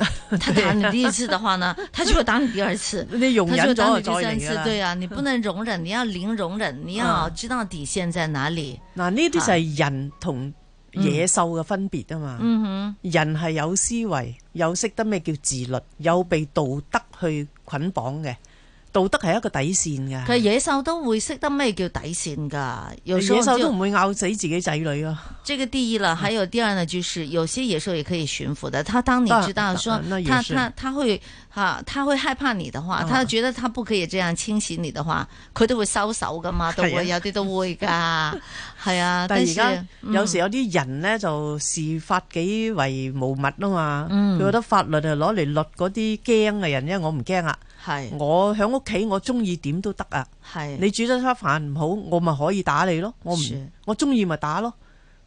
他打你第一次的話呢，他就會打你第二次。 你容忍咗第三次，對啊，你不能容忍， 你要零容忍，你要知道底線在哪裏。嗱、啊，呢啲就係人同野獸嘅分別啊嘛。啊嗯嗯、人係有思維，有識得咩叫自律，有被道德去捆綁嘅。道德係一個底線嘅，佢野獸都會識得咩叫底線噶。野獸都唔會咬死自己仔女啊。即係第一啦，喺嗰啲人就是有些野獸也可以馴服的。他當你知道說，他他會哈，他會害怕你的話，他覺得他不可以這樣清洗你的話，佢都會收手噶嘛，的都會有啲都會噶，係啊，啊。但係而家有時有啲人呢，就視法幾為無物啊嘛。佢覺得法律係攞嚟律嗰啲驚嘅人，因為我唔驚啊。係我響屋企，我中意點都得啊！你煮得餐飯唔好，我咪可以打你咯。我唔我中意咪打咯。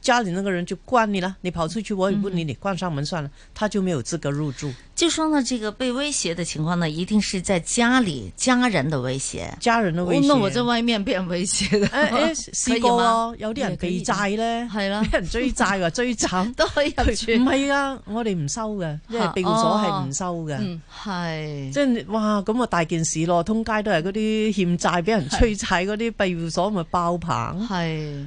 家裏那個人就關你啦，你跑出去我也不理你，你關上門算了，嗯、他就沒有資格入住。就說呢，這個被威脅的情況呢，一定是在家裏家人的威脅，家人的威脅。n、哦、我在外面威脅、哎哎、人被，被人威脅啦。試過咯，有啲人被債咧，係啦，俾人追債話追債都可以入住。唔係啊，我哋唔收嘅、 哦嗯，因為庇護所係唔收嘅，係。即係哇，咁啊大件事咯，通街都係嗰啲欠債俾人催債嗰啲庇護所咪爆棚。係。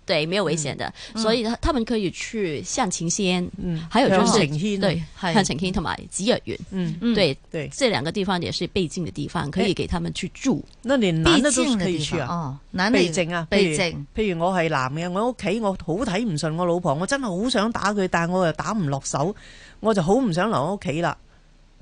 對，沒有危險的、嗯，所以他們可以去向晴軒、嗯，還有就是、向晴軒、啊，對，向晴軒同埋芷若園，嗯嗯，對，對，對這兩個地方也是避靜的地方、欸，可以給他們去住。嗱，你男的都是可以住啊的，哦，避靜啊，避靜。譬如我係男嘅，我喺屋企我好睇唔順我老婆，我真係好想打佢，但係我又打唔落手，我就好唔想留喺屋企啦。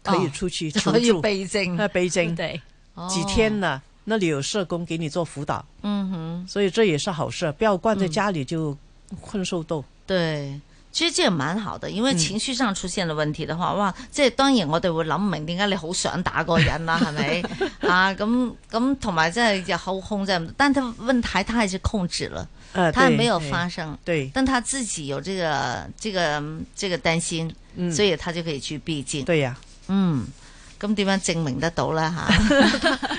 佢、哦、要出去、哦，所以避靜啊，避靜，對，幾天啊。哦那裏有社工給你做輔導，嗯哼，所以這也是好事，不要關在家裏就困獸鬥。對，其實這個蠻好的，因為情緒上出現了問題的話，嗯、哇，即係當然我哋會諗唔明點解你好想打個人啦，係咪啊？咁咁同埋即係又控控在，哄哄在，但他問他，題他還是控制了，呃，他還沒有發生、哎，對，但他自己有這個這個這個擔心、嗯，所以他就可以去避震。對呀、啊，嗯，咁點樣證明得到呢？哈。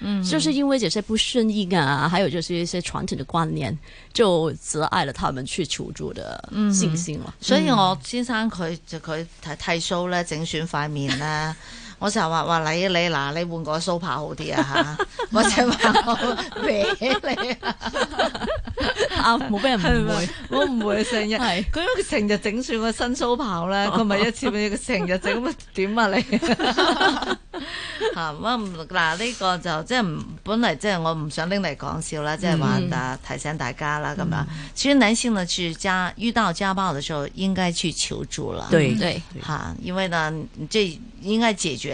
嗯， 就是因為這些不順應啊，還有就是一些傳統的觀念，就阻礙了他們去求助的信心、 嗯、所以我先生佢就佢睇剃鬚咧，整損塊面咧。 我成日話話你你嗱，你換個鬚刨好啲啊吓，或者話搲你啊，冇 俾、 啊、人唔會，是是我唔會成日，佢成日整算個新鬚刨咧，佢 咪一次俾佢成日整乜點 啊你啊 啊、嗯？啊，我嗱呢個就即係本嚟，即係我唔想拎嚟講笑啦，即係話啊提醒大家啦咁樣。所以女性去處家，遇到家暴的時候應該去求助啦。對對，啊，因為呢，即係應該解決。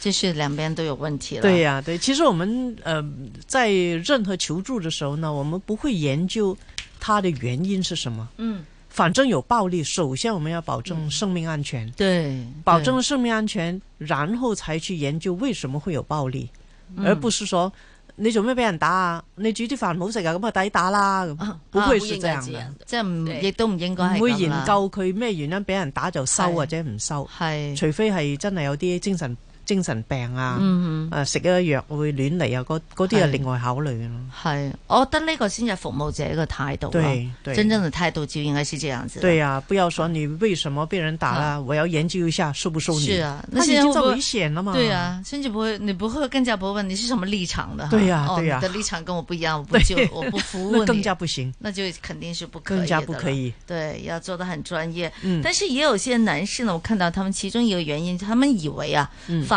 這是兩邊都有問題啦。對呀、啊，對，其實我們，呃，在任何求助的時候呢，我們不會研究它的原因是什麼。嗯，反正有暴力，首先我們要保證生命安全。嗯、對，保證了生命安全，然後才去研究為什麼會有暴力，嗯、而不是說你做咩俾人打啊？你煮啲飯唔好食啊？咁啊抵打啦。不會是這樣的。即係唔亦都唔應該引，唔會研究佢咩原因俾人打就收或者唔收，係除非係真係有啲精神。精神病啊，誒食咗藥會亂嚟啊，嗰個啲又另外考慮嘅咯。係，我覺得呢個先係服務者嘅態度啦、啊。真正的態度就應該是這樣子。對啊，不要說你為什麼被人打了、啊嗯，我要研究一下收不收你。是啊，那先就危險了嘛。對啊，甚至不會，你不會更加不會問你是什麼立場的。對啊，啊對啊、哦，你的立場跟我不一樣，我不救，我不服務 更加不行。那就肯定是不可以更加不可以。對，要做得很專業、嗯。但是也有些男士呢，我看到他們其中一個原因，他們以為啊，嗯